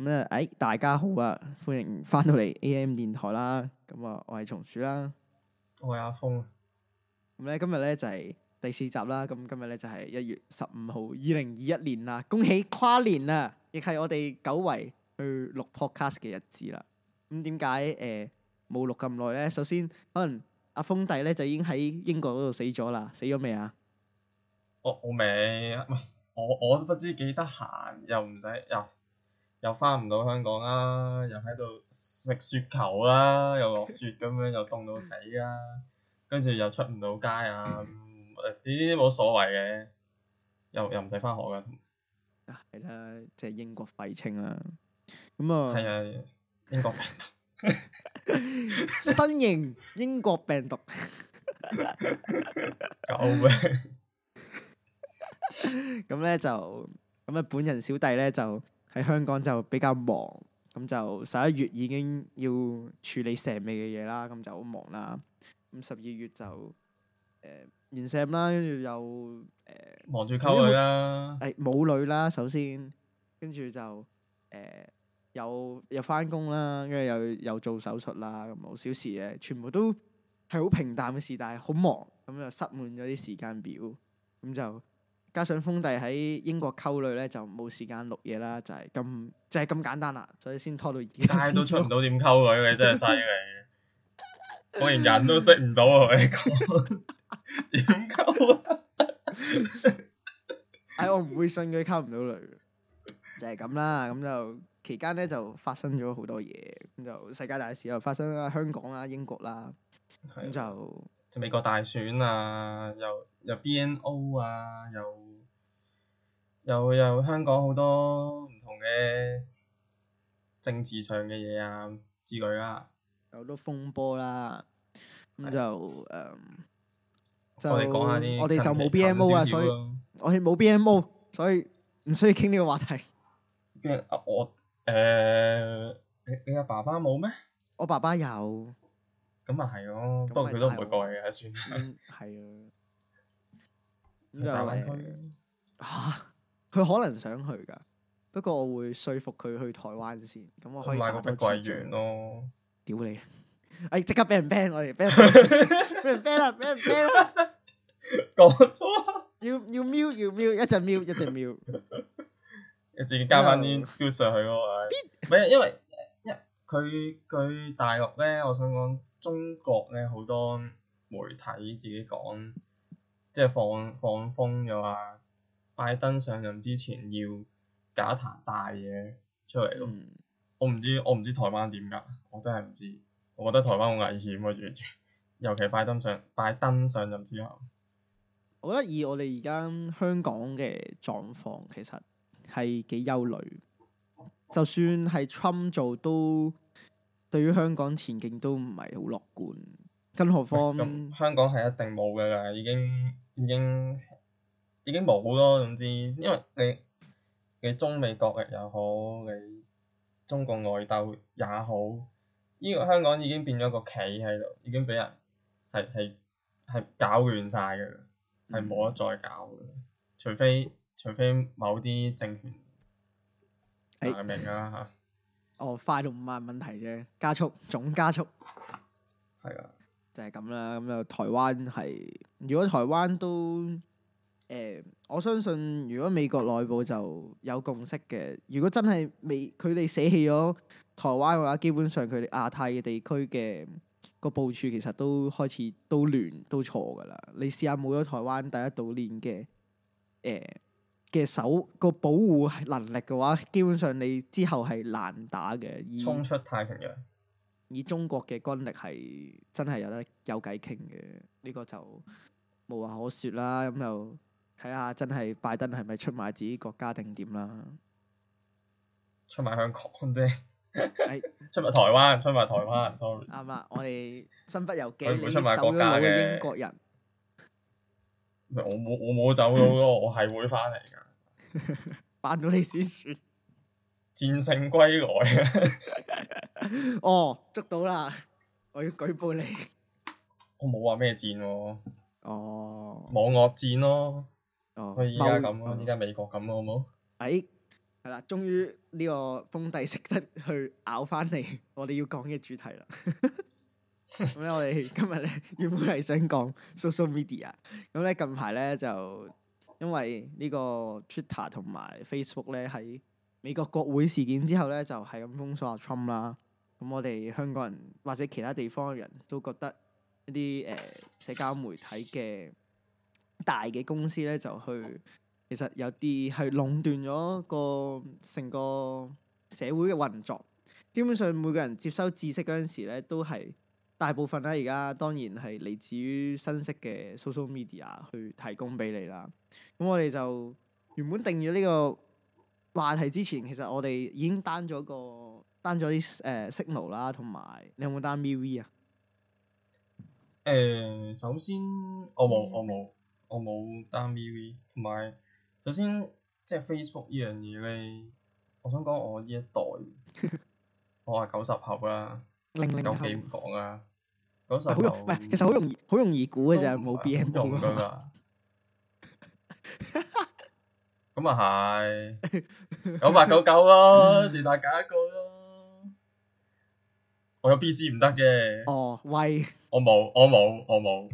咁咧，誒、嗯哎，大家好啊！歡迎翻到嚟 AM 電台啦。咁、嗯、啊，我係松鼠啦，我係阿峰。咁咧、嗯，今日咧就係、是、第四集啦。咁、嗯、今日咧就係、是、一月十五號，二零二一年啦。恭喜跨年啊！亦係我哋久違去錄 Podcast 嘅日子啦。咁點解誒冇錄咁耐咧？首先，可能阿峰弟咧就已經喺英國嗰度死咗啦。死咗未啊？我我未，唔我我都不知幾得閒，又唔使又。又返唔到香港啦、啊，又喺度食雪球啦、啊，又落雪咁樣， 又凍到死啊！跟住又出唔到街啊！呢啲冇所謂嘅，又又唔使返學㗎。嗱係啦，即係、啊就係、英國廢青啦。咁啊，係 啊，英國病毒 新型英國病毒，就 o 咁咧就，咁啊，本人小弟咧就。喺香港就比較忙，咁就十一月已經要處理蛇 e 嘅嘢啦，咁就好忙啦。咁十二月就誒、呃、完蛇 e 啦，跟住又誒、呃、忙住溝女啦。誒冇、哎、女啦，首先，跟住就誒、呃、有又翻工啦，跟住又又做手術啦，咁好小事嘅，全部都係好平淡嘅事，但係好忙，咁就塞滿咗啲時間表，咁就。加上封帝喺英國溝女咧，就冇時間錄嘢啦，就係咁，就係咁簡單啦，所以先拖到而家。但係都出唔到點溝女嘅，真係犀利。我連人都識唔到啊！你講點溝啊？唉，我唔會信佢溝唔到女，就係咁啦。咁就期間咧就發生咗好多嘢，咁就世界大事又發生咗，香港啦、英國啦，咁就美國大選啊，又。有 BNO 啊，又有有香港好多唔同嘅政治上嘅嘢啊之類啦、啊，有好多風波啦，咁就誒，的嗯、就我哋講下啲我哋就冇 BNO 啊，啊所以我哋冇 BNO，所以唔需要傾呢個話題。邊阿、啊、我誒、呃？你你阿爸爸冇咩？我爸爸有。咁啊係咯，哦哦、不過佢都唔會過嚟嘅，算。係啊、嗯。咁就吓，佢、啊、可能想去噶，不過我會說服佢去台灣先，咁我可以。買個碧桂園咯，屌你！哎，即刻俾人 ban 我哋，俾 人 ban 啦、啊，俾人 ban 啦、啊，講錯 了，要要 mute，要 mute，一陣 mute，一陣 mute， 你自己加翻啲 do 上去咯。唔係因為一佢佢大陸咧，我想講中國咧，好多媒體自己講。即係放放風嘅話，拜登上任之前要搞一壇大嘢出嚟咯、嗯。我唔知我唔知台灣點噶，我真係唔知。我覺得台灣好危險啊，尤其拜登上拜登上任之後。我覺得以我哋而家香港嘅狀況，其實係幾憂慮。就算係 Trump 做都，對於香港前景都唔係好樂觀。咁香港係一定冇㗎啦，已經已經已經冇咯。總之，因為你你中美國力又好，你中國外鬥也好，呢、這個香港已經變咗個棋喺度，已經俾人係係係搞亂曬㗎，係冇得再搞嘅，除非除非某啲政權係、哎、明啦、啊、嚇。哦，快到五眼問題啫，加速總加速係啊！就係咁啦，咁就台灣係，如果台灣都誒、欸、我相信如果美國內部就有共識嘅，如果真係美佢哋捨棄咗台灣嘅話，基本上佢哋亞太嘅地區嘅個部署其實都開始都亂都錯㗎啦。你試下冇咗台灣第一島鏈嘅誒嘅守個保護能力嘅話，基本上你之後係難打嘅，衝出太平洋。以中國嘅軍力係真係有得有偈傾嘅，呢、這個就無話可説啦。咁又睇下真係拜登係咪出賣自己國家定點啦？出賣香港啫， 出賣台灣，出賣台灣。sorry。啱啦， 我哋身不由己。唔會出賣國家嘅英國人。我冇我冇走咗咯，我係 會翻嚟㗎。 扮到你先算。戰勝歸來 哦，捉到啦！我要舉報你。我冇話咩戰喎。哦。網絡戰咯。哦。佢而家咁咯，而家美國咁咯，好唔好？哎，係啦，終於呢個封帝識得去咬翻嚟我哋要講嘅主題啦。咁 咧，我哋今日咧原本係想講 social media，咁咧近排咧就因為個呢個 Twitter 同埋 Facebook 咧喺。美國國會事件之後咧，就係咁封鎖阿 Trump 啦。咁我哋香港人或者其他地方嘅人都覺得一啲誒、呃、社交媒體嘅大嘅公司咧，就去其實有啲係壟斷咗個成個社會嘅運作。基本上每個人接收知識嗰陣時咧，都係大部分咧而家當然係嚟自於新式嘅 social media 去提供俾你啦。咁我哋就原本定咗呢、呢個話題之前，其實我哋已經單咗個單咗啲誒 signal 啦，同埋你有冇單 v v 啊？誒、欸，首先我冇，我冇，我冇單、B、v v 同埋首先即係、就是、Facebook 呢樣嘢咧，我想講我呢一代， 我係九十後啦，零零九幾唔講啦，嗰株時候唔係其實好容易好容易估嘅啫，冇 BMP。 咁啊係九八九九咯，是但搞一個咯。我有 B C 唔得嘅。哦喂，我冇，我冇，我冇。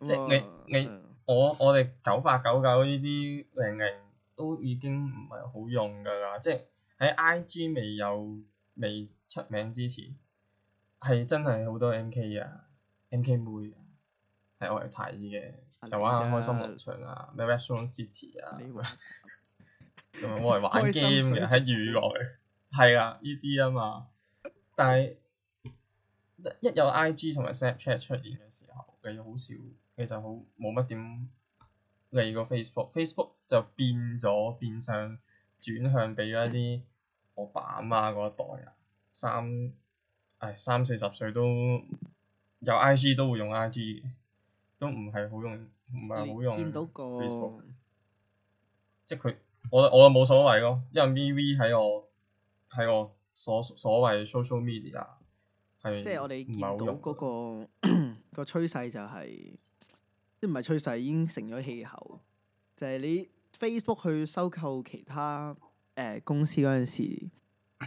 即係你你我我哋九八九九呢啲零零都已經唔係好用噶啦。即係喺 I G 未有未出名之前，係真係好多 M K 啊，M K 妹係我嚟睇嘅。又玩下開心農場啊，咩 Restaurant City 啊，咁樣攞嚟玩 game 嘅喺娛樂，係啊， 呢啲啊嘛。但係一有 IG 同埋 Snapchat 出現嘅時候，你好少，你就好冇乜點理過 Facebook。 Facebook 就變咗變相轉向俾咗一啲我爸阿媽嗰一代啊、嗯哎，三唉三四十歲都有 IG 都會用 IG。嘅。都唔係好用，唔係好用。見到個 Facebook，即係佢，我我冇所謂咯，因為、M、V V 喺我喺我所所謂 social media 係。是是即係我哋見到嗰、那個個 趨勢就係、是，即唔係趨勢已經成咗氣候，就係、是、你 Facebook 去收購其他誒、呃、公司嗰陣時，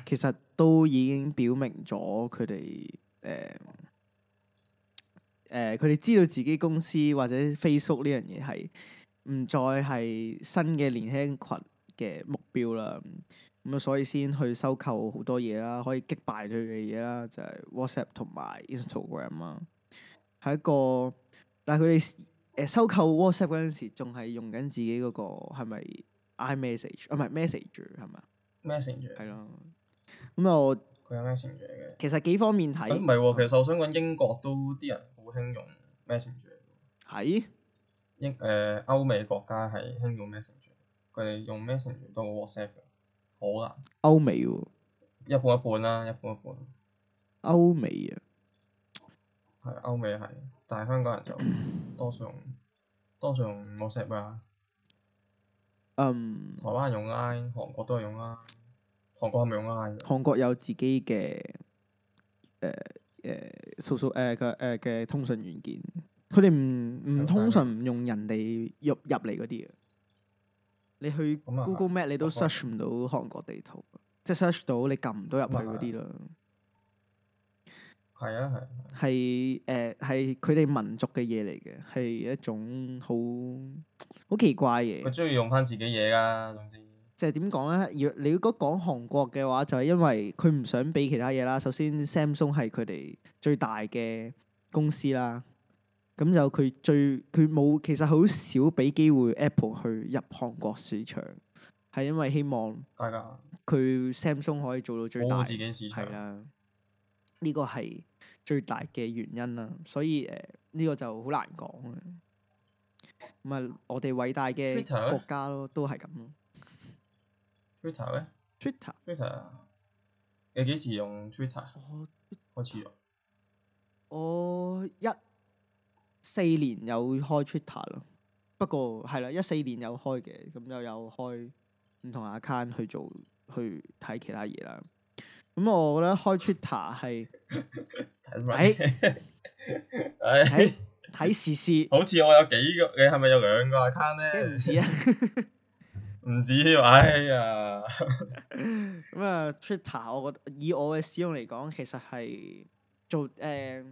其實都已經表明咗佢哋誒。呃誒佢哋知道自己公司或者 Facebook 呢樣嘢係唔再係新嘅年輕群嘅目標啦，咁啊所以先去收購好多嘢啦，可以擊敗佢嘅嘢啦，就係 WhatsApp 同埋 Instagram 啦，係一個，但係佢哋誒收購 WhatsApp 陣時仲係用緊自己嗰個係咪 iMessage 啊？唔係 message 係咪啊？message 係咯。咁啊 Messenger。我佢有 message 嘅，其實幾方面睇。唔係喎，其實我想講英國都啲人。興用 message 係英，誒歐美國家係興用 message，佢哋用 message 都 WhatsApp 嘅，好啊是、嗯。歐美喎，美哦、一半一半啦、啊，一半一半。歐美啊，係歐美係，但係香港人就多數用、嗯、多數用 WhatsApp 啊。嗯，um, 台灣人用 Line，韓國都係用 Line，韓國係咪用 Line？韓國有自己嘅誒。呃誒搜搜誒嘅誒嘅通訊軟件，佢哋唔唔通常唔用人哋入入嚟嗰啲啊！你去 Google Map 你都 search 唔到韓國地圖，即係 search 到你撳唔到入去嗰啲咯。係啊係，係誒係佢哋民族嘅嘢嚟嘅，係一種好好奇怪嘅。佢中意用翻自己嘢啊，總之。即係點講咧？若你如果講韓國嘅話，就係、是、因為佢唔想俾其他嘢啦。首先，Samsung 係佢哋最大嘅公司啦。咁就佢最佢冇，其實好少俾機會 Apple 去入韓國市場，係因為希望係噶佢 Samsung 可以做到最大嘅市場啦。呢、呢個係最大嘅原因啦。所以誒，呢、呃呢個就好難講嘅。咁啊，我哋偉大嘅國家咯，都係咁 Twitter 咧，Twitter，Twitter，你幾時用 Tw、oh, Twitter？我開始用，我一四年有開 Twitter 咯，不過係啦，一四年有開嘅，咁就有開唔同 account 去做去睇其他嘢啦。咁我覺得開 Twitter 係喺睇時事，好似我有幾個，你係咪有兩個 account 咧？唔似啊！唔止添，哎呀！咁啊、 嗯，Twitter 我覺得以我嘅使用嚟講，其實係做誒、呃，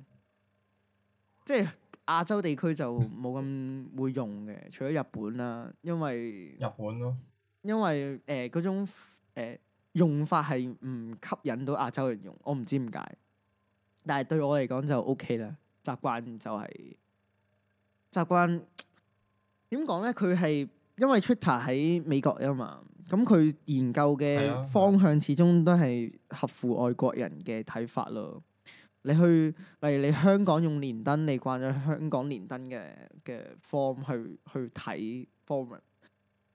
即係亞洲地區就冇咁會用嘅， 除咗日本啦，因為日本咯、啊，因為誒嗰、呃、種、呃、用法係唔吸引到亞洲人用，我唔知點解。但係對我嚟講就 OK 啦，習慣就係、是、習慣點講咧？佢係。因為 Twitter 喺美國啊嘛，咁佢研究嘅方向始終都係合乎外國人嘅睇法咯。你去例如你香港用連登，你慣咗香港連登嘅嘅 form 去去睇 format，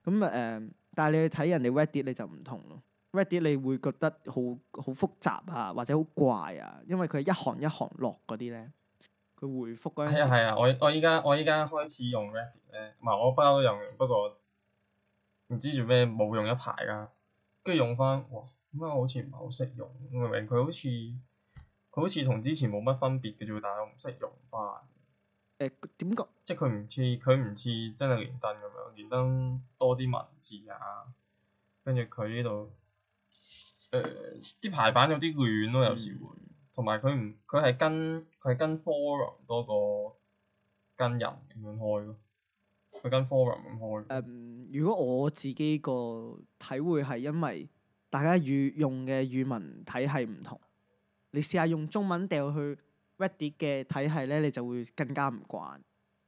咁、er、誒、呃，但係你去睇人哋 Reddit 你就唔同咯。Reddit 你會覺得好好複雜啊，或者好怪啊，因為佢係一行一行落嗰啲咧。佢回覆嗰啲係啊係啊，我我依家我依家開始用 Reddit 咧，唔係我不嬲都用，不過唔知做咩冇用一排㗎，跟住用翻，哇，點解我好似唔係好識用？明明？佢好似佢好似同之前冇乜分別嘅啫，但係我唔識用翻。誒，點講？即係佢唔似佢唔似真係連登咁樣，連登多啲文字啊，跟住佢呢度誒啲排版有啲亂咯，有時會。嗯同埋佢唔，佢係跟佢係跟 forum 多過跟人咁樣開咯，佢跟 forum 咁開的。誒、嗯，如果我自己個體會係因為大家語用嘅語文體系唔同，你試下用中文掉去 Reddit 嘅體系咧，你就會更加唔慣。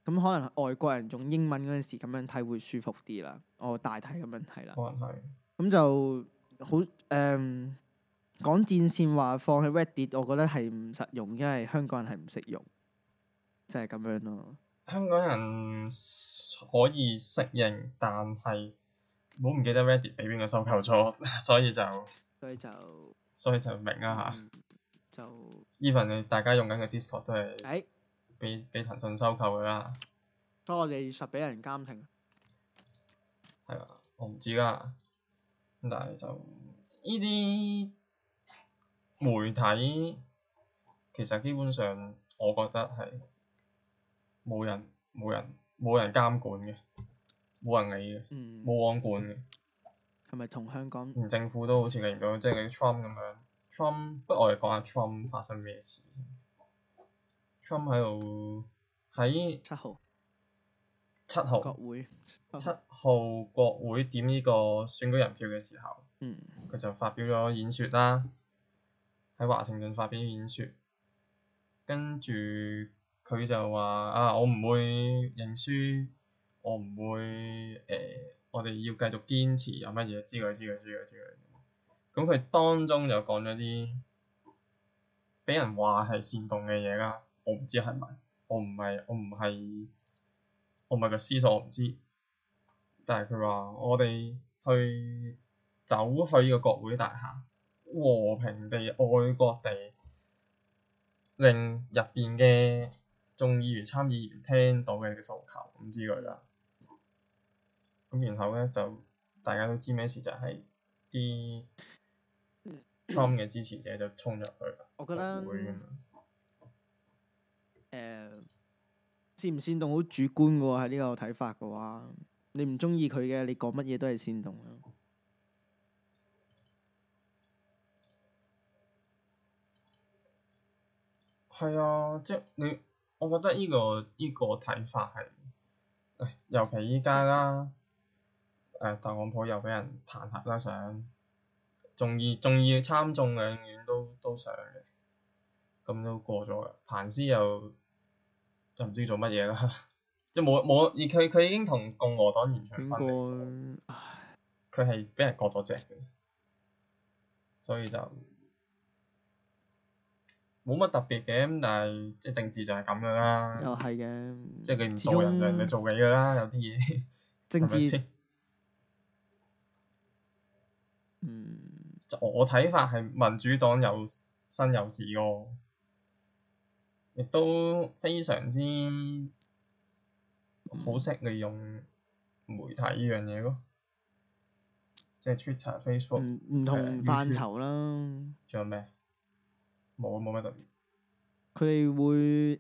咁可能外國人用英文嗰陣時咁樣睇會舒服啲啦。我大體咁樣睇啦。可能係。咁就好誒。嗯講戰線話放係 Reddit，我覺得係唔實用，因為香港人係唔識用，就係、是、咁樣咯。香港人可以適應，但係唔好唔記得 Reddit 俾邊個收購咗，所以就所以就所以就明啦嚇、嗯，就 even 你大家用緊嘅 Discord 都係俾俾騰訊收購㗎啦，不過、哦、我哋實俾人監聽，係啊，我唔知啦，咁但係就呢啲。媒體其實基本上，我覺得係冇人冇人冇人監管嘅，冇人理嘅，冇人、嗯、管嘅。係咪、嗯、同香港？嗯，政府都好似嚟到，即係嗰啲 Trump 咁樣。Trump，不過我哋講下 Trump 發生咩事。Trump 喺度喺七號七號國會，七號國會點呢個選舉人票嘅時候，佢、嗯、就發表咗演説啦。喺華盛頓發表演説，跟住佢就話啊，我唔會認輸，我唔會誒、呃，我哋要繼續堅持有，有乜嘢之類之類之類之類。咁佢當中就講咗啲畀人話係煽動嘅嘢啦，我唔知係咪，我唔係，我唔係，我唔係個思索，我唔知。但係佢話我哋去走去個國會大廈。和平地、愛國地，令入邊嘅眾議員、參議員聽到嘅訴求咁、嗯、之類啦。咁然後咧就大家都知咩事，就係，就係啲 Trump 嘅支持者就衝入去。我覺得誒，煽唔煽動好主觀喎，喺呢個睇法嘅話，你唔中意佢嘅，你講乜嘢都係煽動。係啊，即係你，我覺得呢、這個呢、這個睇法係、哎，尤其依家啦，誒、呃，特朗普又畀人彈劾啦上，仲要仲要參眾兩院都都上嘅，咁都過咗嘅，彭斯又又唔知做乜嘢啦， 即係冇冇而佢佢已經同共和黨完全分離咗，佢係俾人割咗只嘅，所以就。冇乜特別嘅，但係即係政治就係咁噶啦。又係嘅。即係你唔做人，人哋做你噶啦，有啲嘢。政治。係咪先？嗯，我睇法係民主黨有新有事咯，亦都非常之好識利用媒體呢樣嘢咯。即係 Twitter、Facebook。唔同範疇啦。仲有咩？冇冇咩特別，佢哋會誒，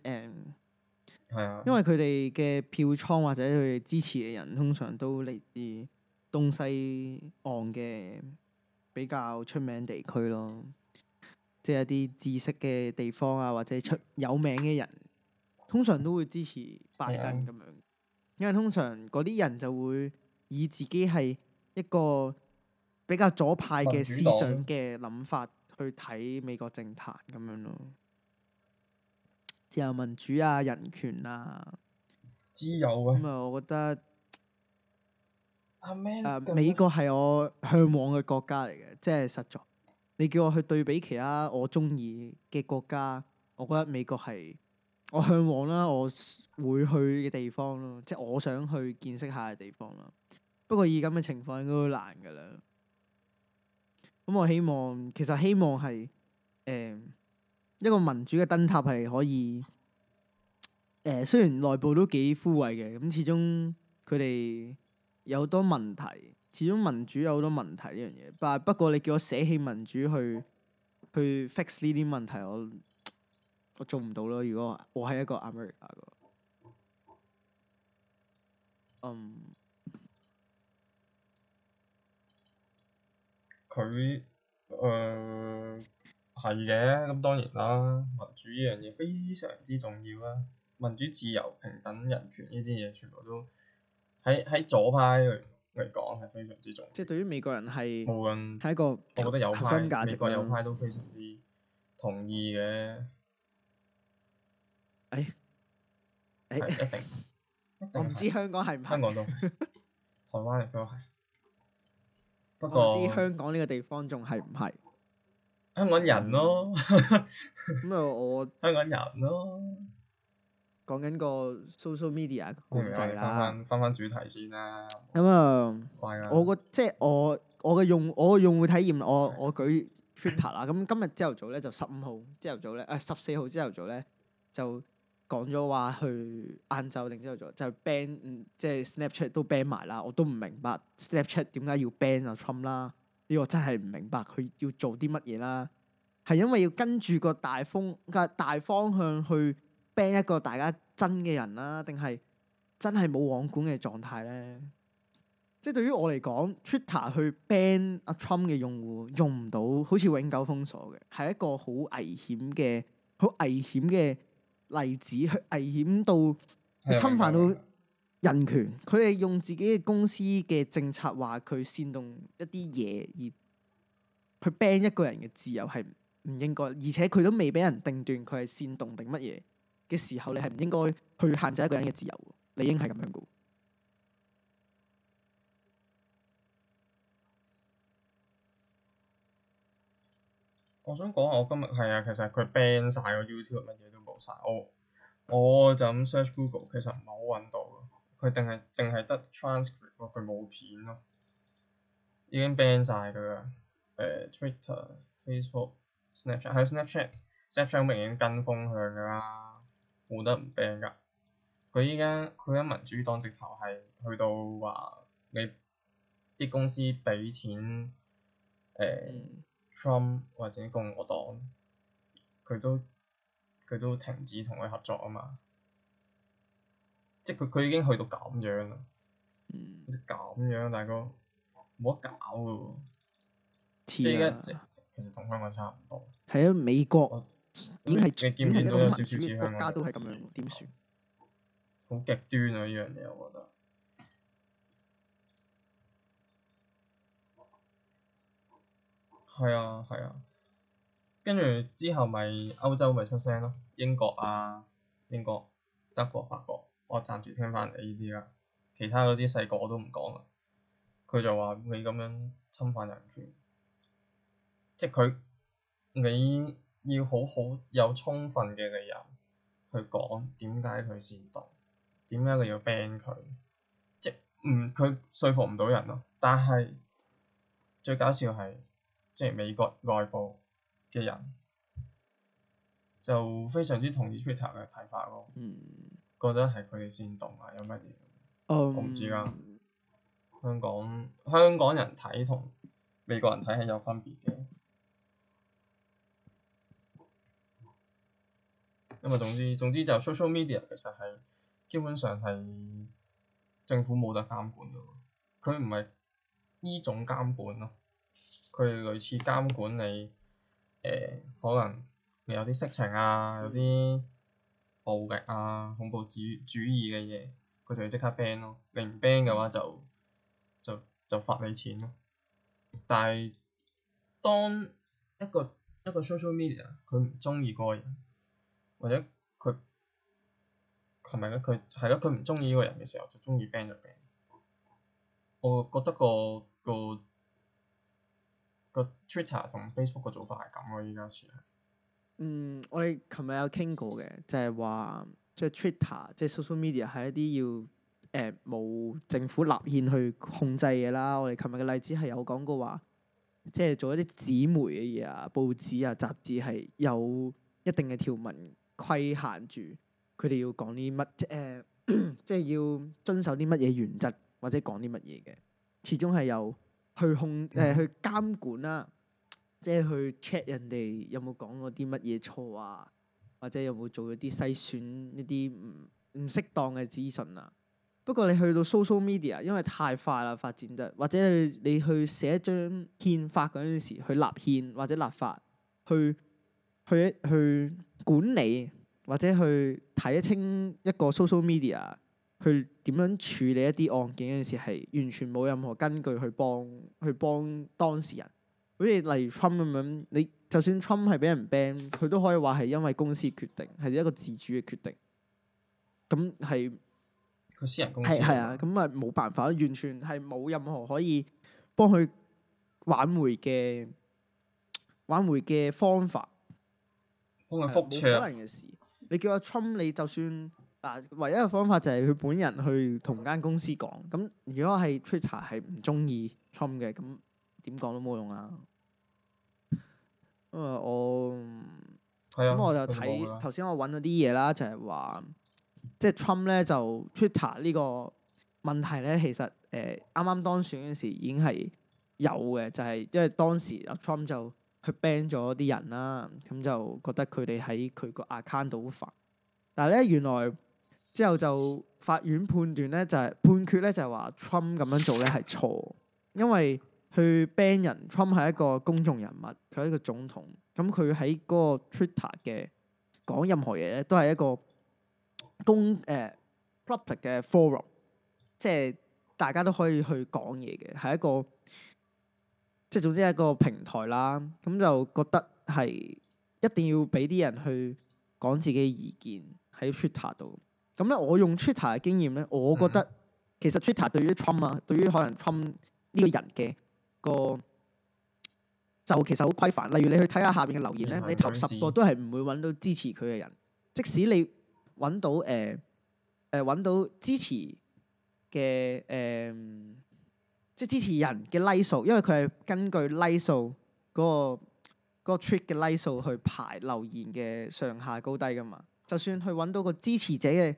係啊，因為佢哋嘅票倉或者佢哋支持嘅人，通常都嚟自東西岸嘅比較出名地區咯，即係一啲知識嘅地方啊，或者出有名嘅人，通常都會支持拜登咁樣，嗯、因為通常嗰啲人就會以自己係一個比較左派嘅思想嘅諗法。去睇美國政壇咁樣咯，自由民主啊，人權啊，自由啊，咁啊，我覺得、啊、美國係我嚮往嘅國家嚟嘅，即係實在。你叫我去對比其他我中意嘅國家，我覺得美國係我嚮往啦，我會去嘅地方咯，即係我想去見識下嘅地方啦。不過以咁嘅情況，應該都難㗎喇。咁、嗯、我希望，其實希望係誒、呃、一個民主嘅燈塔係可以誒、呃，雖然內部都幾枯萎嘅，咁始終佢哋有好多問題，始終民主有好多問題呢樣嘢，但不過你叫我捨棄民主去去 fix 呢啲問題，我我做唔到咯。如果我係一個 America 嘅，嗯。佢誒係嘅，咁、呃、當然啦。民主呢樣嘢非常之重要啦。民主、自由、平等、人權呢啲嘢，全部都喺喺左派嚟講係非常之重要。要。即係對於美國人係無論係一個，我覺得右派價值美國右派都非常之同意嘅。誒誒、哎哎，一定，一定我唔知香港係唔係？香港 都，台灣亦都係。不過我唔知香港呢個地方仲係唔係香港人咯，咁啊我香港人咯，講緊 個 social media 故仔啦。翻翻主題先啦。咁、嗯、啊，我個即係我我嘅用我嘅用戶體驗我是的 我舉 Twitter 啦。咁 今日朝頭早咧就十五號朝頭早咧，誒十四號朝頭早咧就。講咗話去晏晝，定之後就就是、ban，嗯，即係 Snapchat 都 ban 埋啦。我都唔明白 Snapchat 點解要 ban 阿、啊、Trump 啦？呢個真係唔明白佢要做啲乜嘢啦。係因為要跟住個大風，大方向去 ban 一個大家真嘅人啦，定係真係冇網管嘅狀態咧？即係對於我嚟講，Twitter 去 ban 阿、啊、Trump 嘅用戶用唔到，好似永久封鎖嘅，係一個好危險嘅、好危險嘅。例子，危險到侵犯到人權，佢哋用自己嘅公司嘅政策話佢煽動一啲嘢，而去 ban 一個人嘅自由係唔應該，而且佢都未俾人定斷佢係煽動定乜嘢嘅時候，你係唔應該去限制一個人嘅自由，你應係咁樣噶。我想講下我今日係啊，其實佢 ban 晒個 YouTube 乜嘢都冇晒、哦，我我就咁 search Google，其實唔係好揾到，佢定係淨係得 transcript 佢、哦、冇片咯，已經 ban 晒佢啊！誒，Twitter、Facebook、Snapchat，喺 Snapchat，Snapchat 明顯跟風向噶啦，冇得唔 ban 㗎。佢依家佢依家民主黨直頭係去到話你啲公司畀錢誒。呃 Trump 或者共和黨，佢都佢都停止同佢合作啊嘛，即係佢佢已經去到咁樣啦，咁、嗯、樣大哥冇得搞㗎喎，即係而家其實同香港差唔多，係啊，美國啊已經係，你見唔見到有少少似香港？大家都係咁樣，點算？好極端啊！呢樣嘢我覺得。係啊，係啊。跟住之後咪、就是、歐洲咪出聲咯，英國啊、英國、德國、法國，我暫時聽翻你呢啲啦。其他嗰啲細個我都唔講啦。佢就話你咁樣侵犯人權，即佢你要好好有充分嘅理由去講點解佢煽動，點解佢要 ban 佢，即唔佢説服唔到人咯。但係最搞笑係。即係美國內部嘅人就非常之同意 Twitter 嘅睇法咯，嗯、覺得係佢哋煽動啊，有乜嘢、哦、我唔知㗎、啊？香港香港人睇同美國人睇係有分別嘅，因為總之總之就 social media 其實係基本上係政府冇得監管嘅，佢唔係呢種監管咯。佢類似監管你，誒、呃、可能你有啲色情啊，有啲暴力啊、恐怖主主義嘅嘢，佢就會即刻 ban 咯。你唔 ban 嘅話就就就罰你錢咯。但係當一個一個 social media 佢唔鍾意嗰個人，或者佢係咪咧？佢係咯，佢唔鍾意嗰個人嘅時候，就鍾意 ban 就 ban。我覺得個個。個 Twitter 同 Facebook 嘅做法係咁咯，依家算。嗯，我哋琴日有傾過嘅，就係、是、話即係、就是、Twitter 即係 social media 係一啲要誒冇、呃、政府立憲去控制嘢啦。我哋琴日嘅例子係有講過話，即、就、係、是、做一啲紙媒嘅嘢啊、報紙啊、雜誌係有一定嘅條文規限住佢哋要講啲乜誒，即、呃、係、 就是、要遵守啲乜嘢原則或者講啲乜嘢嘅，始終係有。去控誒、呃、去監管啦，即係去 check 人哋有冇講過啲乜嘢錯啊，或者有冇做咗啲篩選一啲唔唔適當嘅資訊啊。不過你去到 social media，因為太快啦發展得，或者你去寫一張憲法嗰陣時去立憲或者立法，去去去管理或者去睇得清一個 social media。去點樣處理一啲案件嗰陣時，係完全冇任何根據去幫去幫當事人。好似例如春咁樣，你就算春係俾人 ban，佢都可以話係因為公司決定，係一個自主嘅決定。咁係個私人公司。係啊，咁啊冇辦法，完全係冇任何可以幫佢挽回嘅挽回嘅方法。冇、呃、可能嘅事。你叫阿春，你就算。唯一嘅方法就係佢本人去同間公司講。咁如果係 Twitter 係唔中意 Trump 嘅，咁點講都冇用啦、啊。因為我咁我就睇頭先，我揾咗啲嘢啦，就係話即係 Trump 咧就 Twitter 呢個問題咧，其實誒啱啱當選嗰時已經係有嘅，就係因為當時阿 Trump 就去 ban 咗啲人啦，咁就覺得佢哋喺佢個 account 度好煩，但係咧原來。之後就法院判斷咧，就係、是、判決咧，就係話 Trump 咁樣做咧係錯，因為佢 ban 人 Trump 係一個公眾人物，佢係一個總統，咁佢喺嗰個 Twitter 嘅講任何嘢咧都係一個公誒 public 嘅 forum，即係大家都可以去講嘢嘅，係一個即係總之係一個平台啦。咁就覺得係一定要俾啲人去講自己意見喺 Twitter 度。咁咧，我用 Twitter 嘅經驗咧，我覺得其實 Twitter 對於 Trump 啊，嗯、對於可能 Trump 呢個人嘅個就其實好規範。例如你去睇下下邊嘅留言咧，嗯、你頭十個都係唔會揾到支持佢嘅人。即使你揾到誒誒揾到支持嘅誒、呃，即係支持人嘅 like 數，因為佢係根據 like 數嗰、嗰個嗰、嗰個 tweet 嘅 like 數去排留言嘅上下高低噶嘛。就算去揾到個支持者嘅。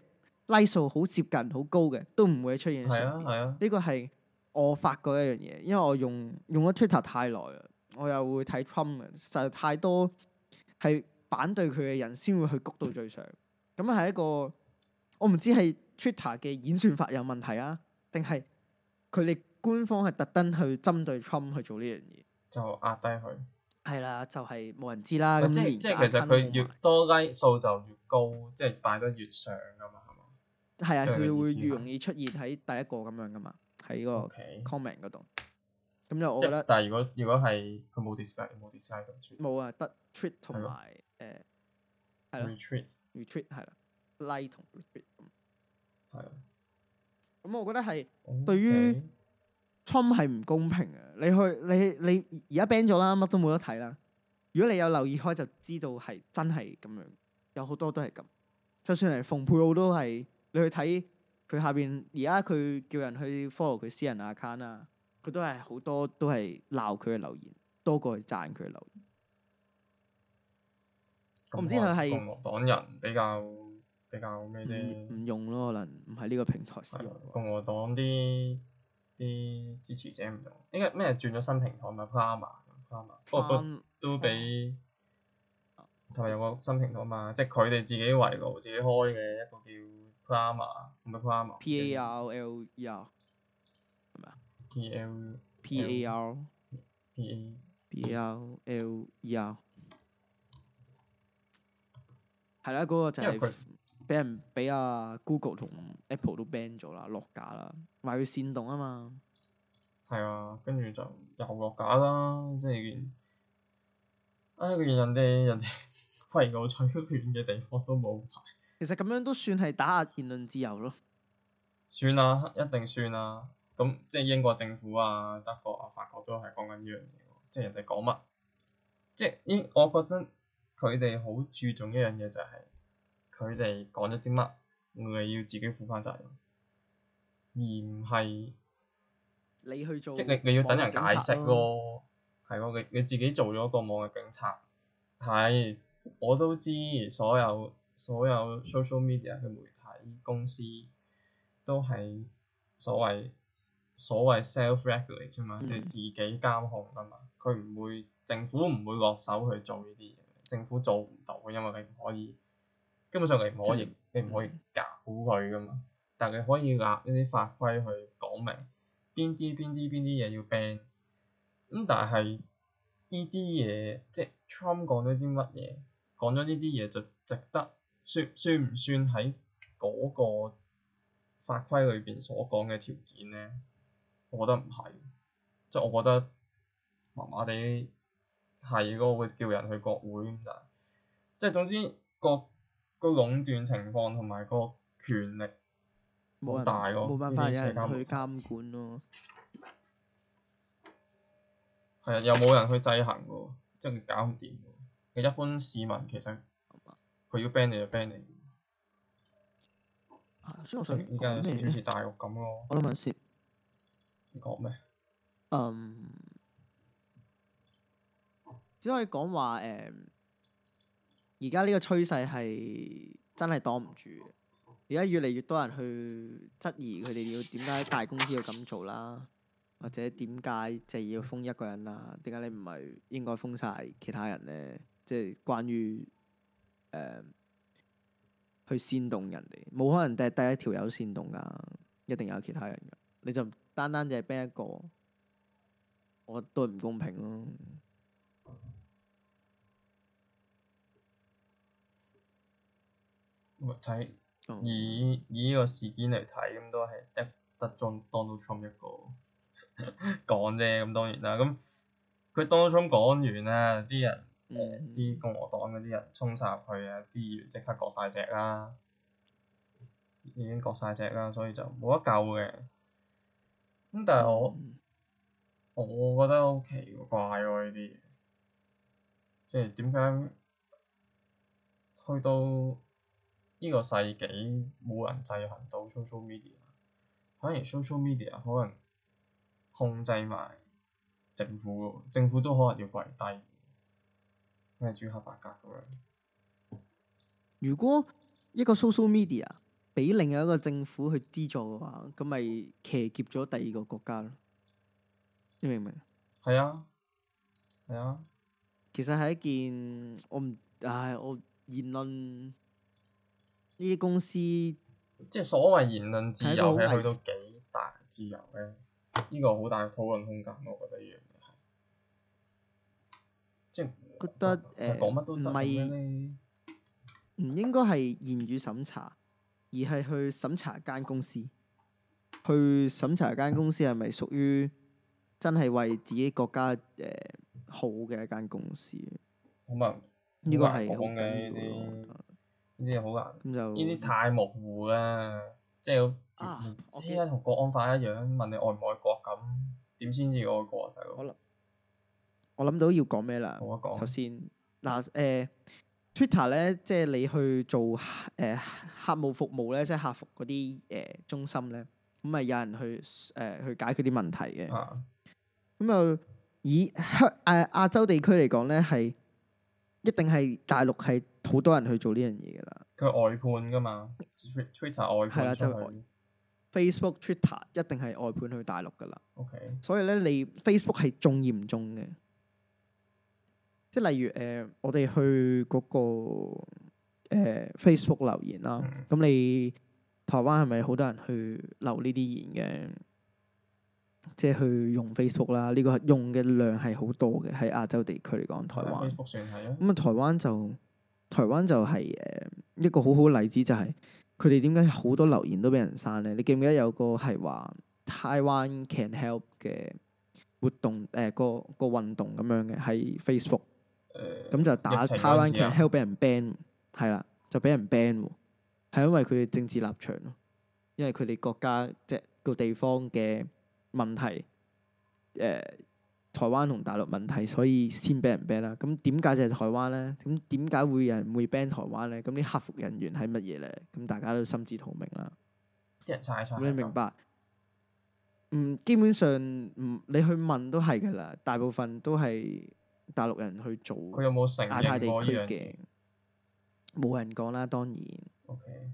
Like 數好接近好高嘅，都唔會出現少。係啊，係啊。呢個係我發覺一樣嘢，因為我用用咗 Twitter 太耐啦，我又會睇 Trump 嘅，實在太多係反對佢嘅人先會去谷到最上。咁係一個我唔知係 Twitter 嘅演算法有問題啊，定係佢哋官方係特登去針對 Trump 去做呢樣嘢，就壓低佢。係啦，就係、是、冇人知啦。即現即係其實佢越多 Like 數就越高，即、就、係、是、擺得越上噶嘛。係啊，佢會越容易出現喺第一個咁樣㗎嘛，喺個 comment 嗰度咁就我覺得。但係如果如果係佢冇 display 冇 display 咁，冇啊，得 treat 同埋誒係啦，retreat retreat 係啦，like 同 retreat 係啊。咁了我覺得係對於 Trump 係唔公平嘅。你去你你而家 ban 咗啦，乜都冇得睇啦。如果你有留意開，就知道係真係咁樣，有好多都係咁。就算係馮佩奧都係。你去睇佢下邊，而家佢叫人去 follow 佢私人 account 啊，佢都係好多都係鬧佢嘅留言多過去讚佢嘅留言。留言嗯、我唔知佢係共和黨人比較比較咩啲唔用咯，可能唔喺呢個平台使用共和黨啲啲支持者唔用，應該咩轉咗新平台咪 Parler Parler 哦，都都俾同埋有個新平台嘛，即係佢哋自己圍爐自己開嘅一個叫。巴馬，唔係巴 P A R L E R，咩啊？P A R P A P A R L E R，係啦，嗰個就係畀人畀阿 Google 同 Apple 都 ban 咗啦，落架啦，話佢煽動啊嘛。係啊，跟住就又落架啦，即係啊，連人哋人哋憤怒踩出斷嘅地方都冇排。其實咁樣都算係打壓言論自由咯，算啦，一定算啦。咁即係英國政府啊、德國啊、法國都係講緊呢樣嘢，即係人哋講乜，即係英我覺得佢哋好注重一樣嘢，就是，就係佢哋講咗啲乜，我哋要自己負翻責任，而唔係你去做，即係你要等人解釋咯，係咯，啊，你你自己做咗個網絡警察，係我都知所有。所有 social media 嘅媒體公司都係所謂所謂 self-regulate 嚟啫嘛，嗯、即係自己監控噶嘛。佢唔會政府唔會落手去做呢啲嘢，政府做唔到，因為佢唔可以，基本上佢唔可以，佢唔、嗯、可以搞佢噶嘛。但係可以立一啲法規去講明邊啲邊啲邊啲嘢要 ban。咁、嗯、但係呢啲嘢，即係 Trump 講咗啲乜嘢，講咗呢啲嘢就值得。算算唔算喺嗰個法規裏邊所講嘅條件呢？我覺得唔係，即係我覺得麻麻地係個會叫人去國會咁就，即係總之個個壟斷情況同埋個權力冇人大個、哦，冇辦法有人去監管咯、哦，係啊，又冇人去制衡個，即係搞唔掂嘅。一般市民其實。佢要 ban 你就 ban 你、啊。所以我想依家有少少似大陸咁咯。我諗下先。你講咩、um？嗯，只可以講話誒，而家呢個趨勢係真係擋唔住。而家越嚟越多人去質疑佢哋要點解大公司要咁做啦，或者點解就要封一個人啦？點解你唔係應該封晒其他人咧？即係關於。嗯、去煽動人哋，冇可能得得一條友煽動㗎，一定有其他人㗎。你就單單淨係啤一個，我覺得唔公平咯。睇以以呢個事件嚟睇，咁都係得得裝 Donald Trump 一個講 啫，咁當然啦。咁佢 Donald Trump 講完啦，啲人。誒啲、嗯嗯、共和黨嗰啲人衝曬入去啊！啲即刻割晒隻啦，已經割晒隻啦，所以就冇得救嘅。咁、嗯、但係我，嗯、我覺得好奇怪喎呢啲，即係點解去到呢個世紀冇人制衡到 social media，反而 social media 可能控制埋政府，政府都可能要跪低。係主客白格咁樣。如果一個 social media 畀另外一個政府去資助嘅話，咁咪騎劫咗第二個國家咯？你明唔明？係啊，係啊。其實係一件我唔唉、哎，我言論呢啲公司即係所謂言論自由去到幾大自由咧？呢、這個好大討論空間，我覺得依。覺得講乜、嗯呃、都唔係唔應該係言語審查，而係去審查間公司，去審查間公司係咪屬於真係為自己國家誒、呃、好嘅一間公司？好嘛，呢個係呢啲，呢啲好難，呢啲太模糊啦，即係我依家同國安法一樣，問你愛唔愛國咁，點先至愛國啊？大佬。我諗到要講咩啦？頭先嗱，誒、呃，Twitter 咧，即係你去做誒、呃、客戶服務咧，即係客服嗰啲誒中心咧，咁咪有人去誒、呃、去解決啲問題嘅。咁又、啊、以香誒亞洲地區嚟講咧，係一定係大陸係好多人去做呢樣嘢噶啦。佢外判噶嘛，Twitter 外判出去、就是，Facebook Twitter 一定係外判去大陸噶啦。Okay. 所以咧，你 Facebook 係仲嚴重嘅。即係例如誒、呃，我哋去嗰、那個、呃、Facebook 留言啦。咁、嗯、你台灣係咪好多人去留呢啲言嘅？即、就、係、是、去用 Facebook 啦。呢、這個用嘅量係好多嘅，喺亞洲地區嚟講，台灣。咁啊、嗯，台灣就台灣就係誒一個好好例子、就是，就係佢哋點解好多留言都俾人刪咧？你記唔記得有個係話 Taiwan can help 嘅活動誒、呃、個個運動咁樣嘅，喺 Facebook。咁、嗯、就打係台灣嘅 help 俾人 ban 係啦，就俾人 ban 喎，係因為佢嘅政治立場咯，因為佢哋國家即、係、個地方嘅問題，誒、呃、台灣同大陸問題，所以先俾人 ban 啦。咁點解就係台灣咧？咁點解會有人會 ban 台灣咧？咁啲客服人員係乜嘢咧？咁大家都心知肚明啦。才才你明白？嗯，基本上唔你去問都係噶啦，大部分都係。大陸人去做亞太地區嘅種，冇人講啦。當然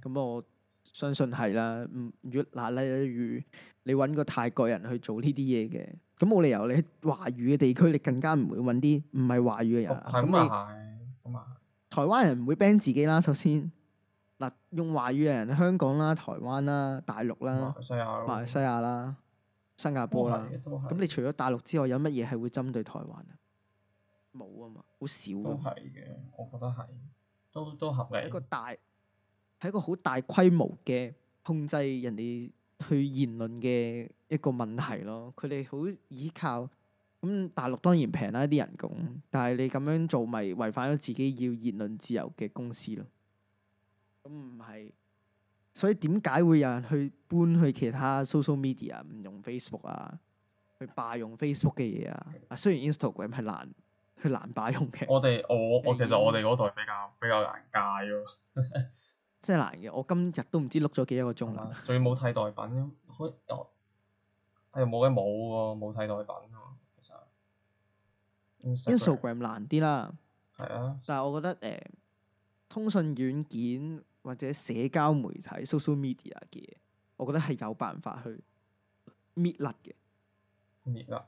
咁 Okay. 我相信係啦。嗯，若嗱，例如你揾個泰國人去做呢啲嘢嘅，咁冇理由你喺華語嘅地區，你更加唔會揾啲唔係華語嘅人。咁咪係咁啊！你嗎台灣人唔會 ban 自己啦。首先嗱，用華語嘅人，香港啦、台灣啦、大陸啦、馬來、馬來西亞啦、新加坡啦。咁、哦、你除咗大陸之外，有乜嘢係會針對台灣？冇啊嘛，好少都係嘅，我覺得係都都合理。一個大係一個好大規模嘅控制人哋去言論嘅一個問題咯。佢哋好依靠咁大陸當然平啦啲人工，但係你咁樣做咪違反咗自己要言論自由嘅公司咯？咁唔係，所以點解會有人去搬去其他 social media 唔用 Facebook 啊，去霸用 Facebook 嘅嘢啊？啊，雖然 Instagram 係難。佢難擺用嘅。我哋我我其實我哋嗰代比較比較難戒咯。即 係難嘅，我今日都唔知碌咗幾多個鐘啦。仲要冇替代品咁，可哦係冇嘅冇喎，冇替代品啊其實，其實 Instagram, Instagram 難啲啦。係啊的。但係我覺得誒、呃、通訊軟件或者社交媒體 social media 嘅，我覺得係有辦法去搣甩嘅。搣甩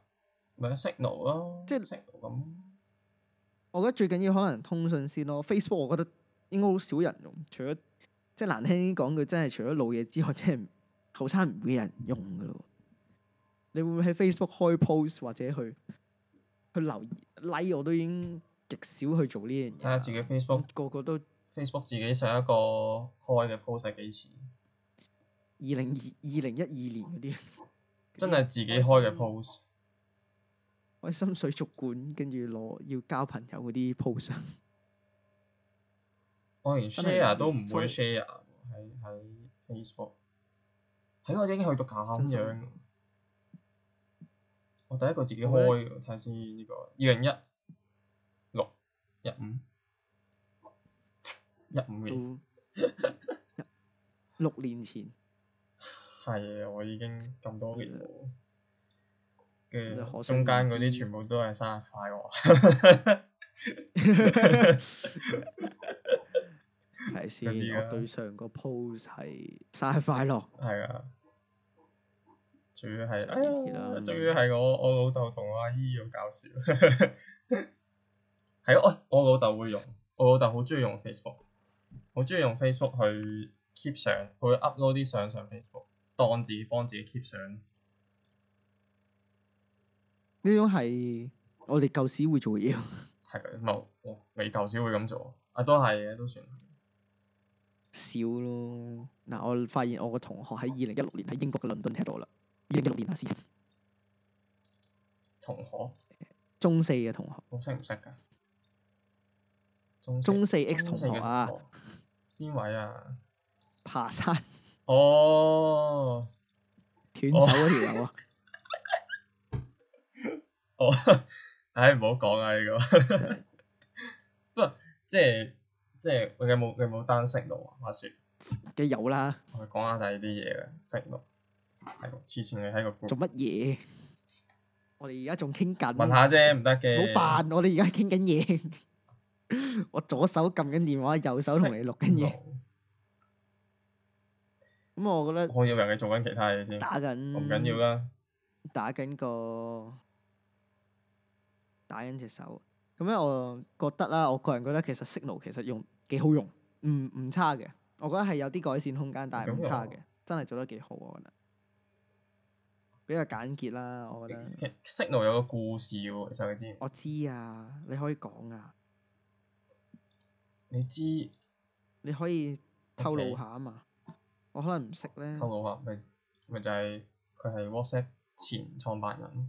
咪 signal 咯。即係 signal 咁。我覺得最緊要可能通訊先咯。Facebook 我覺得應該好少人用，除咗即係難聽啲講，佢真係除咗老嘢之外，真係後生唔會有人用噶咯。你會唔會喺 Facebook 開 post 或者去去留言 like，我都已經極少去做呢樣嘢。睇下自己 Facebook 人個個都 Facebook 自己上一個開嘅 post 係幾時？二零二二零一二年嗰啲真係自己開嘅 post。 我喺深水族館，跟住攞要交朋友嗰啲鋪相。我連 share 都唔會 share 喺喺 Facebook。睇我哋已經去到咁樣。我第一個自己開嘅，睇下先呢個。二零一六一五一五年，六年前。係啊， 我已經咁多年跟中間嗰啲全部都係生，生日快樂，睇先。對上個 post 係生日快樂，係啊！仲、哎、呀要係啊，仲要係我， 我老豆同我阿姨好搞笑。係 啊，我老豆會用，我老豆好鍾意用 Facebook，好鍾意用 Facebook 去 keep 相，去 upload 啲相上 Facebook，當自己幫自己 keep 相。呢種係我哋舊時會做嘅嘢，係咪？冇，未舊時會咁做，啊都係嘅，都算少咯。嗱、啊，我發現我個同學喺二零一六年喺英國嘅倫敦踢到啦，二零一六年啊先。同學，中四嘅同學，識唔識噶？中四，中四 X 同學啊？邊位啊？爬山。哦。斷 手嗰條友啊！ 唉唔好講啦呢個。 會不過即係即係，佢有冇你有冇單識路話說嘅有啦。我哋講下第啲嘢嘅識路係咯，黐線，你喺個做乜嘢？我哋、啊、而家仲傾緊。問下啫，唔得嘅。冇扮，我哋而家傾緊嘢。 我左手撳緊電話，右手同你錄緊嘢。咁龍我覺得我以為你做緊其他嘢先。打緊，緊。唔緊要啦。打緊個。打緊隻手，咁咧我覺得啦，我個人覺得其實 Signal 其實用幾好用，唔唔差嘅。我覺得係有啲改善空間，但係唔差嘅，我真係做得幾好，我覺得比較簡潔啦，我覺得。S, Signal 有個故事喎，其實你知。我知啊，你可以講啊。你知？你可以透露下啊嘛。okay. 我可能唔識咧。透露下咪咪就係佢係 WhatsApp 前創辦人。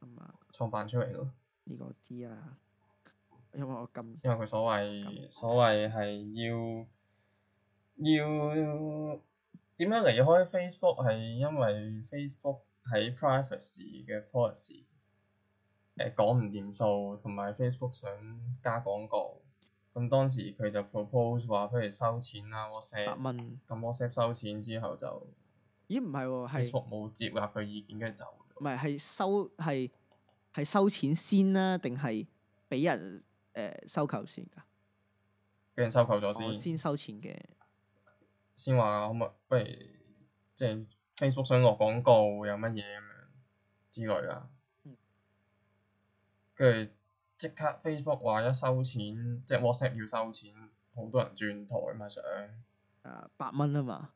咁啊。創辦出嚟咯。嗯啊。呢個啲啊，因為我咁，因為佢所謂所謂係要要點樣離開 Facebook 係因為 Facebook 喺 privacy 嘅 policy 誒、呃、講唔掂數，同埋 Facebook 想加廣告。咁當時佢就 propose 話，譬如收錢啦，WhatsApp 咁元 WhatsApp 收錢之後就咦唔係喎，Facebook 冇是接納佢意見，跟住走。唔係係收係。係收錢先啦，定係畀人誒、呃、收購先㗎？俾人收購咗先。先收錢嘅，先話可唔可？不如即係、就是、Facebook 想落廣告有乜嘢咁樣之類啊。跟住即刻 Facebook 話一收錢，即、就是、WhatsApp 要收錢，好多人轉台嘛想。誒、呃，八蚊啊嘛。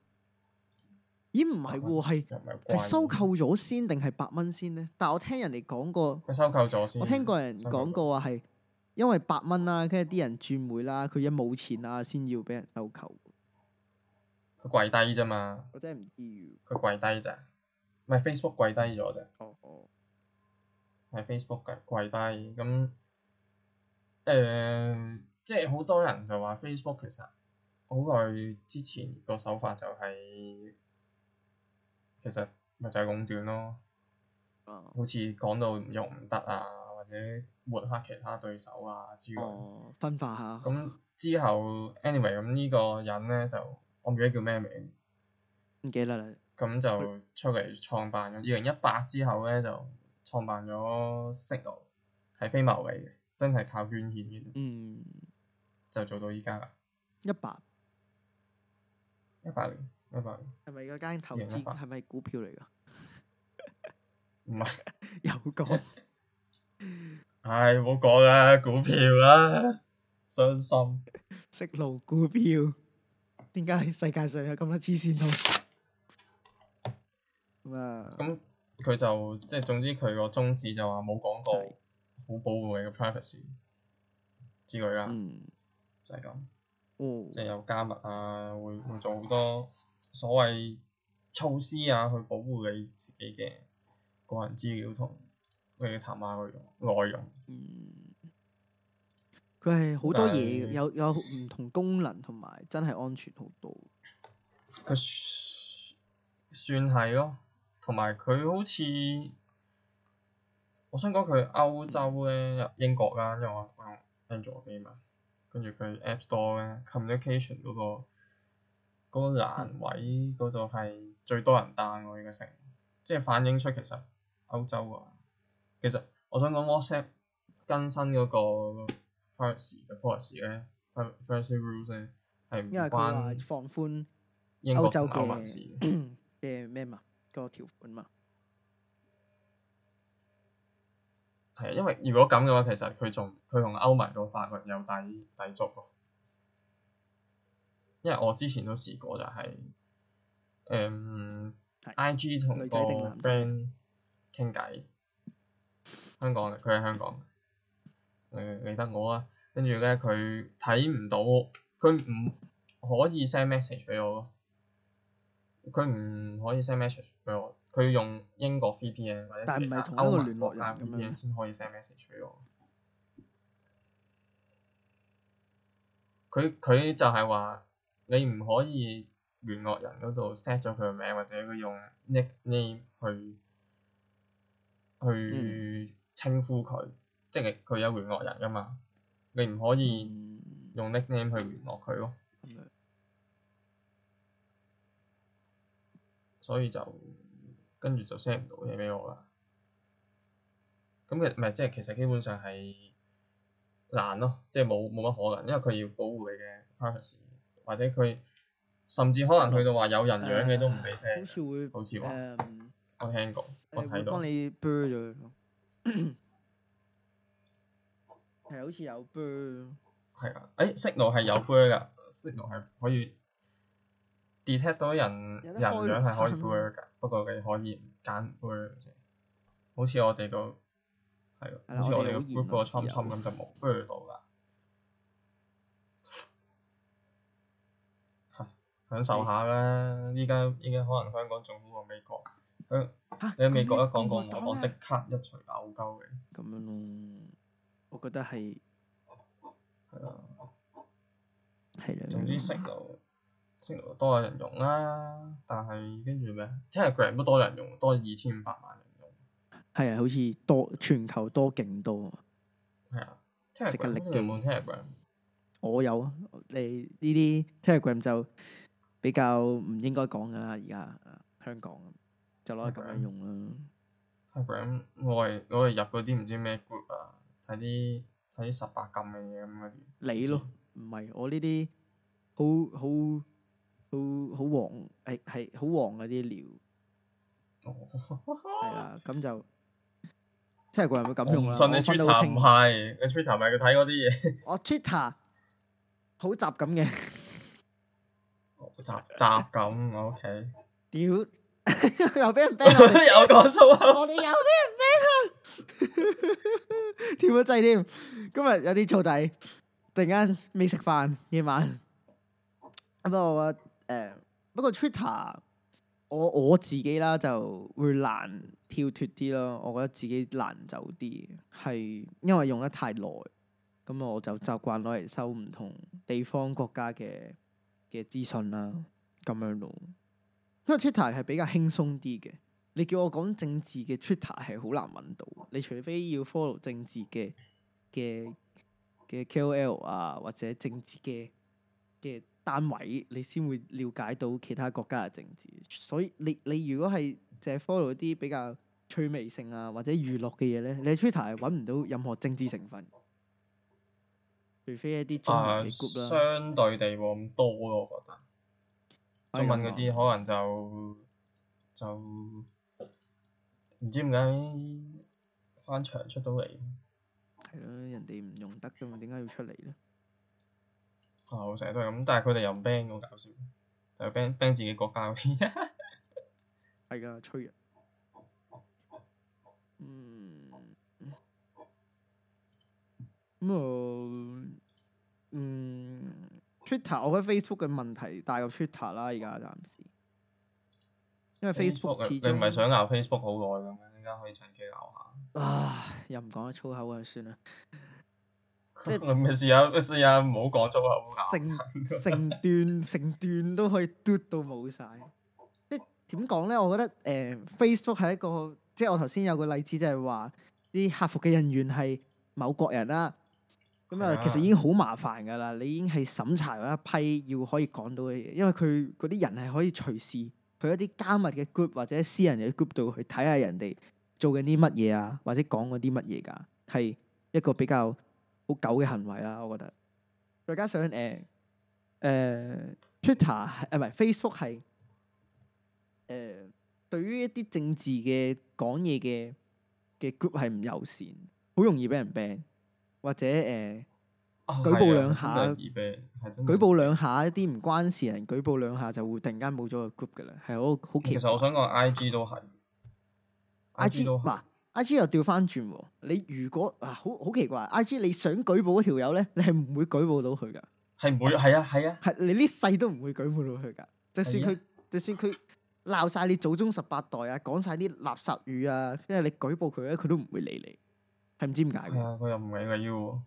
咦？唔係喎，係收購咗先定係百蚊先呢？但係我聽人哋講過，佢收購咗先。我聽過人講過話係因為百蚊啦，跟住啲人轉會啦，佢一冇錢啊，先要俾人收購。佢跪低啫嘛。我真係唔知。佢跪低咋？唔係 Facebook 跪低咗啫。哦哦。係 Facebook 跪跪低咁誒，即係好多人就話 Facebook 其實好耐之前個手法就係。其實咪就係咁短咯，Oh. 好似講到唔用唔得啊，或者抹黑其他對手啊之類。Oh, 分化下。咁、嗯、之後，anyway 咁、嗯、呢、這個人咧就，我唔記得叫咩名，唔記得啦。咁、嗯、就出嚟創辦咗，二零一八之後咧就創辦咗 Signal，係非牟利嘅，真係靠捐獻嘅。嗯。就做到依家啦。一八。一八年。係咪嗰間投資係咪股票嚟噶？唔係，有講。唉，唔好講嘅股票啦，傷心。識路 股票，點解世界上有咁多黐線佬？咁 啊。 咁佢就即係總之佢個宗旨就話冇講過好保護你嘅 privacy 之類啦，嗯、就係咁。即係、嗯、有加密啊，會會，會做好多。 所謂措施啊，去保護你自己嘅個人資料同你嘅談話內容。嗯，佢係好多嘢是，有有唔同功能同埋真係安全好多。佢算係咯，同埋佢好似，我想講佢歐洲咧，英國啦，因為我用 Android 機嘛，跟住佢 App Store 咧 Communication 嗰個。嗰個欄位嗰度係最多人彈我喎，城，即係反映出其實歐洲啊，其實我想講 WhatsApp 更新嗰個 policy 嘅 policy policy rules 咧，係唔關放寬歐洲英國歐盟事嘅，咩嘛？個條款嘛？係啊，因為如果咁嘅話，其實佢仲佢同歐盟個法律有抵抵觸。因為我之前都試過，就係誒 IG 同個 friend 傾偈，香港嘅，佢喺香港，你記得我啊？跟住咧，佢睇唔到，佢唔可以 send message 俾我，佢唔可以 send message 俾我，佢用英國 VPN 同聯絡或者歐盟國家 VPN 先可以 send message 俾我。佢佢就係話。你唔可以聯絡人嗰度 set 咗佢個名，或者佢用 nickname 去去稱呼佢，嗯、即係佢有聯絡人噶嘛，你唔可以用 nickname 去聯絡佢咯，嗯、所以就跟住就 set 唔到嘢畀我啦。咁咪即係其實基本上係難咯，即係冇冇乜可能，因為佢要保護你嘅或者佢甚至可能去到話有人樣嘅都唔畀聲，好似會，好似話，啊、我聽過，我睇到。係 好似有 bird 係啊，誒 signal 係有 bird 㗎 signal 係可以 detect 到人人樣係可以 bird 㗎，嗯、不過你可以唔揀 bird 先。好似我哋個係，好似我哋個 group 個 chum chum 咁就冇 bird 到㗎。 享受下啦！依家依家可能香港仲好過美國。啊、你喺美國一講麼共和，即刻一除鬧鳩嘅。咁樣咯，我覺得係係啦，係啦，總之，識到識到多人用啦、啊，但係跟住咩 Telegram 都多人用，多二千五百萬人用。係啊，好似多全球多勁多。係啊，Telegram 即係力冇我有啊，你呢啲 Telegram 就。比較唔應該講㗎啦，而家香港就攞嚟咁樣用啦。我係我係入嗰啲唔知咩 group 啊，睇啲睇十八禁嘅嘢咁嗰啲。你咯，唔係我呢啲好好好好黃，係係好黃嗰啲料。係啦、哦，咁 就 Telegram 會咁用啦。你 Twitter 唔係，你 Twitter 咪佢睇嗰啲嘢。 我 Twitter 好雜咁嘅。雜雜咁，O K。屌，又、okay、俾 人啤啦！有講粗口，我哋有俾人啤啊？ 跳咗掣添，今日有啲燥底，突然間未食飯，夜晚、 呃。不過我覺得，誒，不過 Twitter，我我自己啦就會難跳脱啲咯，我覺得自己難走啲，係因為用得太耐，咁我就習慣攞嚟收唔同地方國家嘅。嘅資訊啦、啊，咁樣咯，因為 Twitter 係比較輕鬆啲嘅。你叫我講政治嘅 Twitter 係好難揾到，你除非要 follow 政治嘅嘅嘅 KOL 啊，或者政治嘅嘅單位，你先會了解到其他國家嘅政治。所以你你如果係淨係 follow 啲比較趣味性啊或者娛樂嘅嘢呢，你喺 Twitter 係揾唔到任何政治成分。除非一啲中文嘅 good 啦，相對地冇咁多咯，我覺得。哎、呀中文嗰啲可能就就唔知點解翻牆出到嚟。係咯、啊，人哋唔用得嘅嘛，點解要出嚟咧？啊，我成日都係咁，但係佢哋又唔 ban，好搞笑，就 ban ban 自己國家嗰啲。係 噶，吹人。嗯。咁嗯，Twitter，我覺得 Facebook 嘅問題大過 Twitter 啦，而家暫時。因為 Facebook，你唔係想鬧 Facebook 好耐咁，點解可以長期鬧下？啊，又唔講粗口啊，算啦。即係咪試下啊？試下啊？唔好講粗口，成成段成段都可以嘟到冇晒。 即係點講咧？我覺得誒、呃、，Facebook 係一個，即係我頭先有個例子就，就係話啲客服嘅人員係某國人啦、啊。咁啊、嗯，其實已經好麻煩㗎啦！你已經係審查咗一批要可以講到嘅嘢，因為佢嗰啲人係可以隨時去一啲加密嘅 group 或者私人嘅 group 度去睇下人哋做緊啲乜嘢啊，或者講嗰啲乜嘢㗎，係一個比較好狗嘅行為啦，我覺得。再加上誒誒、呃呃、，Twitter 啊唔係 Facebook 係誒、呃，對於一啲政治嘅講嘢嘅嘅 group 係唔友善，好容易俾人 ban。或者誒，呃啊、舉報兩下，舉報兩下一啲唔關事人，舉報兩下就會突然間冇咗個 group 噶啦，係好好奇怪。其實我想講 IG 都係，IG 嗱 IG 又調翻轉喎。你如果啊好好奇怪，IG 你想舉報嗰條友咧，你係唔會舉報到佢噶，係唔會係啊係啊，係你呢世都唔會舉報到佢噶。就算佢、啊、就算佢鬧晒你祖宗十八代啊，講晒啲垃圾語啊，因為你舉報佢咧，佢都唔會理你。係唔知點解？係啊、哎，佢又唔矮個腰喎。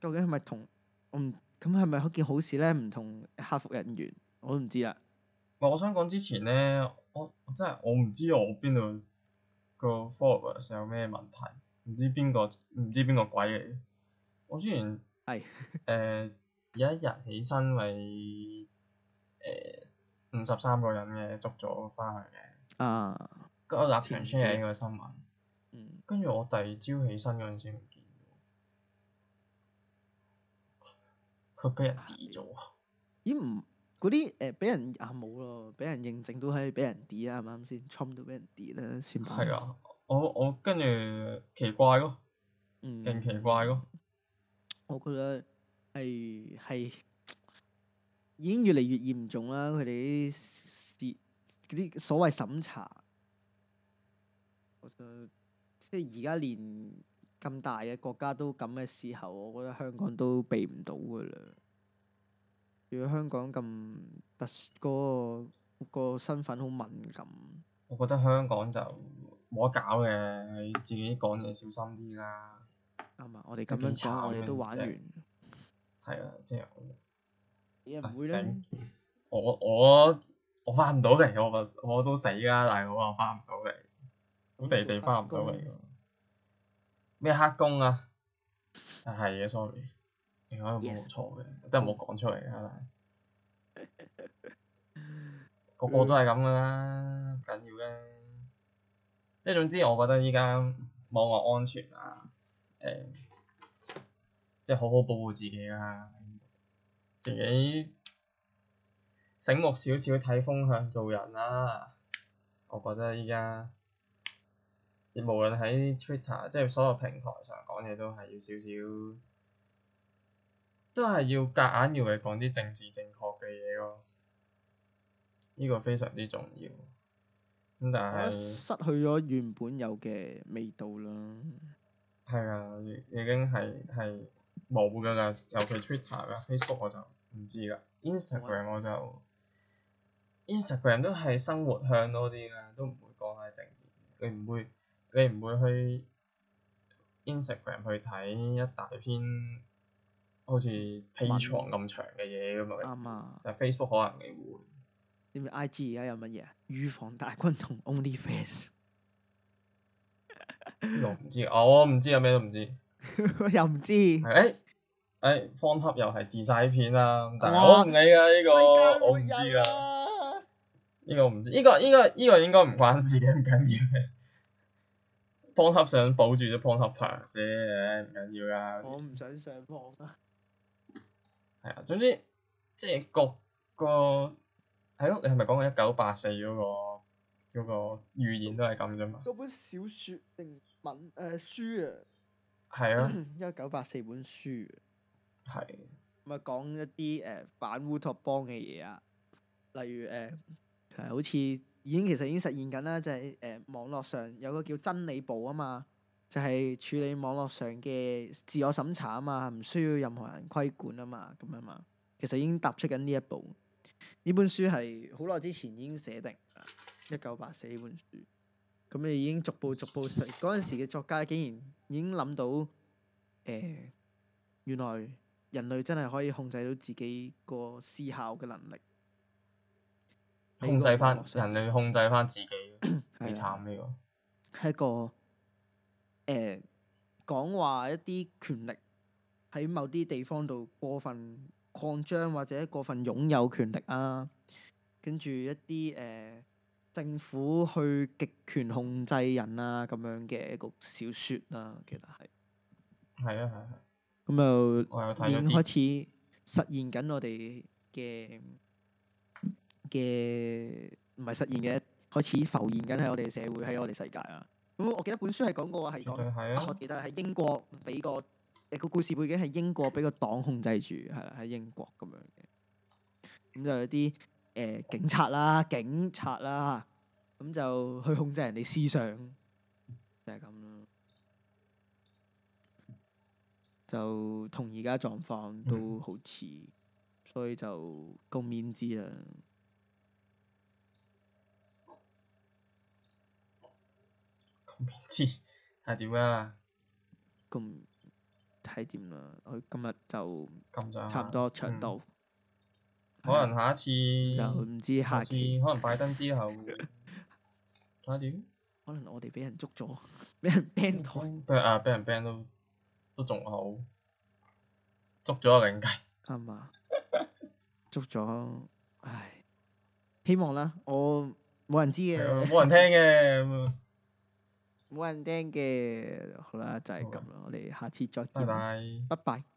究竟係咪同我咁係咪一件好事咧？唔同客服人員，我都唔知啦。我想講之前咧，我真係我唔知我邊度個 followers 有咩問題，唔知邊個唔知邊個鬼嚟。我之前係誒是、 呃、有一日起身為誒五十三個人嘅捉咗翻去嘅。啊！個立場出 h 呢個新聞。嗯跟住我第二朝起身嗰陣時唔見咗，佢畀、呃、人 delete 咗。咦唔，嗰啲畀人啊冇咯，畀人認證都係畀人 delete 係咪先？侵都畀人 delete 啦，算吧。係啊，我我跟住奇怪咯，勁、嗯、奇怪咯。我覺得係係已經越嚟越嚴重啦，佢哋啲啲所謂審查。我覺得。即係而家連咁大嘅國家都咁嘅時候，我覺得香港都避唔到嘅啦。如果香港咁特殊嗰、嗰個身份好敏感，我覺得香港就冇得搞嘅，你自己講嘢小心啲啦。啱啊、嗯！我哋咁樣講，界我哋都玩完。係、就是就是、啊，即係、就是。你唔會咧、啊就是？我我我翻唔到嚟，我我我，我都死啦！但係我又翻唔到嚟，好地地翻唔到嚟。咩黑工啊？係、啊、嘅，sorry，其實冇錯嘅，都冇講出嚟係咪？個個都係咁噶啦，唔緊、嗯、要嘅。即係總之，我覺得依家網絡安全啊，誒、欸，即係好好保護自己啊，自己醒目少少睇風向做人啦、啊。我覺得依家。你無論喺 Twitter 即係所有平台上講嘢都係要少少，都係要夾硬，硬要你講啲政治正確嘅嘢咯，呢、呢個非常之重要。咁、嗯、但係失去咗原本有嘅味道啦。係啊，已已經係冇㗎啦，尤其 Twitter 啦，Facebook 我就唔知啦，Instagram 我就 Instagram 都係生活向多啲啦，都唔會講係政治，你唔會。你唔會去 Instagram 去睇一大篇好似披床咁長嘅嘢咁啊？的就 Facebook 可能換你會。你咪 IG 而家有乜嘢？預防大軍同 Only Face 我唔知、哦，我唔知有咩都唔知。 又唔知。係誒誒，方、欸、恰又係自曬片啦， 但係我唔理㗎呢個，啊、我唔知㗎。呢、這個唔知，呢、這個呢、這個呢、這個應該唔關事嘅，唔緊要嘅。 幫級想保住啲幫級牌先，唔緊要㗎。我唔想上幫啊。係啊，總之即係、就是、個個係咯，你係咪講緊一九八四嗰個嗰、那個語言都係咁啫嘛？嗰本小說定文誒、呃、書啊。係啊。一九八四本書啊。係是。咪講 一啲誒、呃、反烏托邦嘅嘢啊，例如誒係、呃呃、好似。已經其實已經實現緊啦，就係誒網絡上有個叫真理部啊嘛，就係處理網絡上嘅自我審查啊嘛，唔需要任何人規管啊嘛，咁樣嘛，其實已經踏出緊呢一步。呢本書係好耐之前已經寫定，一九八四本書，咁你已經逐步逐步寫，嗰陣時嘅作家竟然已經諗到誒，原來人類真係可以控制到自己個思考嘅能力。控制翻人類，控制翻自己，好慘，呢個係一個誒講話一啲權力喺某啲地方度過分擴張或者過分擁有權力啊，跟住一啲誒、呃、政府去極權控制人啊咁樣嘅一個小説啊。其實係係啊係啊，咁、啊啊、咁又我有睇，已經開始實現緊我哋嘅。嘅唔係實現嘅開始浮現緊喺我哋社會，喺我哋世界啊！咁、嗯、我記得本書係講過話係講，我記得喺英國俾個誒個故事背景係英國俾個黨控制住，係啦喺英國咁樣嘅。咁、嗯、就有啲誒、呃、警察啦、警察啦，咁、嗯、就去控制人哋思想，就係咁咯。就同而家狀況都好似，嗯、所以就共勉之啊！未知係點啊！咁睇點啦？我 今日就差唔多長到，嗯、可能下一次、 嗯、就唔知下，下次可能拜登之後睇下點？ 可能我哋畀人捉咗，畀人 ban 到， 啊俾人 ban 都仲好，捉咗我零計啱啊！ 捉咗，唉，希望啦，我冇人知嘅，冇、啊、人聽嘅。 冇人聽嘅，好啦，就係咁啦，的我哋下次再見。拜拜 bye。Bye bye。